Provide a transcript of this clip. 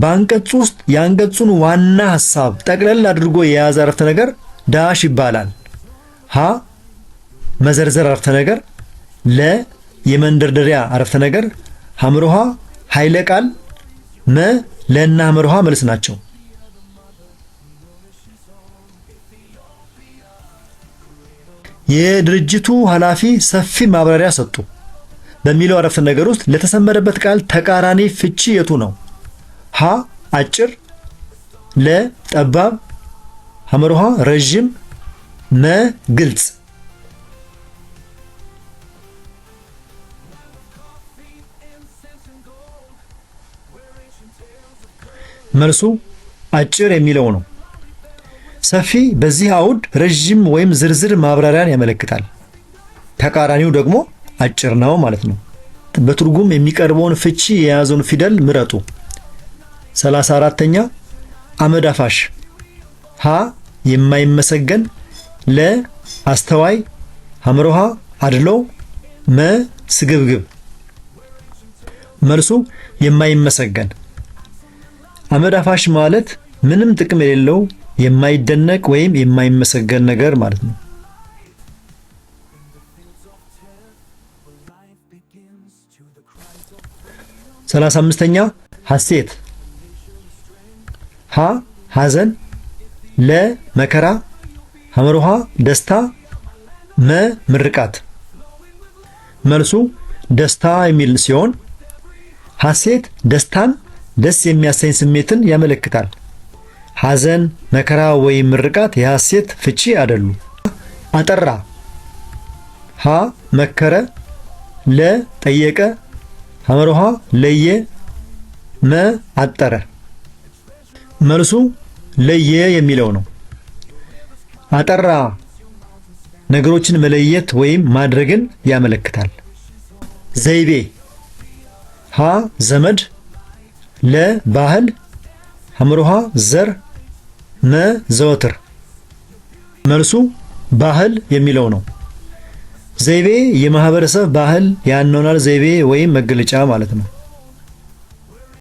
በአንቀጹ ውስጥ የአንቀጹን ዋና ሐሳብ ጠቅለል አድርጎ የያዘ አረፍተ ነገር ዳሽ ይባላል። ሀ መዘርዘር አረፍተ ነገር፣ ለ የመንደርደሪያ አረፍተ ነገር፣ ሐምሮሃ ኃይለ ቃል፣ መ ለና ሐምሮሃ መልስ ናቸው። የድርጅቱ ኃላፊ ሰፊ ማብራሪያ ሰጡ በሚለው አረፍተ ነገር ውስጥ ለተሰመረበት ቃል ተቃራኒ ፍቺ የቱ ነው? ሀ አጭር፣ ለ ጠባብ፣ ሐመርሃ ረዥም፣ መ ግልጽ። መልሱ አጭር የሚለው ነው። ሰፊ በዚህ አውድ ረዥም ወይም ዝርዝር ማብራሪያን ያመለክታል። ተቃራኒው ደግሞ አጭር ነው ማለት ነው። በትርጉም የሚቀርበውን ፍቺ የያዘውን ፊደል ምረጡ። ሰላሳ አራተኛ አመድ አፋሽ ሀ የማይመሰገን ለ አስተዋይ አምሮሃ አድሎ መ ስግብግብ መልሱ የማይመሰገን አመድ አፋሽ ማለት ምንም ጥቅም የሌለው የማይደነቅ ወይም የማይመሰገን ነገር ማለት ነው። ሰላሳ አምስተኛ ሐሴት ሀ ሐዘን፣ ለ መከራ፣ ሐመርሃ ደስታ፣ መ ምርቃት። መልሱ ደስታ የሚል ሲሆን ሐሴት ደስታን፣ ደስ የሚያሰኝ ስሜትን ያመለክታል። ሐዘን፣ መከራ ወይም ምርቃት የሐሴት ፍቺ አይደሉ። አጠራ ሀ መከረ፣ ለ ጠየቀ፣ ሐመርሃ ለየ፣ መ አጠረ። መልሱ ለየ የሚለው ነው። አጠራ ነገሮችን መለየት ወይም ማድረግን ያመለክታል። ዘይቤ ሀ ዘመድ፣ ለ ባህል፣ ሐምሮሃ ዘር፣ መ ዘወትር። መልሱ ባህል የሚለው ነው። ዘይቤ የማህበረሰብ ባህል፣ የአኗኗር ዘይቤ ወይም መገለጫ ማለት ነው።